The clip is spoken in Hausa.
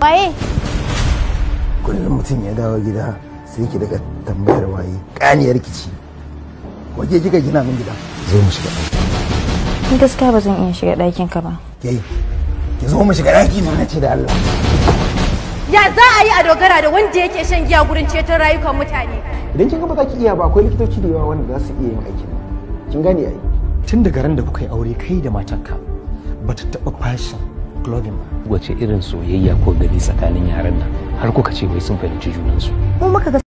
waye kullum mutum ya dawo gida sai ki daga tambayar waye kaniyar ce waje kika gina min gida zo mu shiga ɗaki gaskiya ba zan iya shiga ɗakin ka ba ke ki zo mu shiga ɗaki na ce da Allah ya za a yi a dogara da wanda yake shan giya gurin ceton rayukan mutane idan kin ga ba za ki iya ba akwai likitoci da yawa wanda za su iya yin aikin kin gane yayi tun daga ran da kuka yi aure kai da matarka ba ta taɓa fashin ma wace irin soyayya ko gari tsakanin yaran nan har kuka ce wai sun fahimci junansu mu muka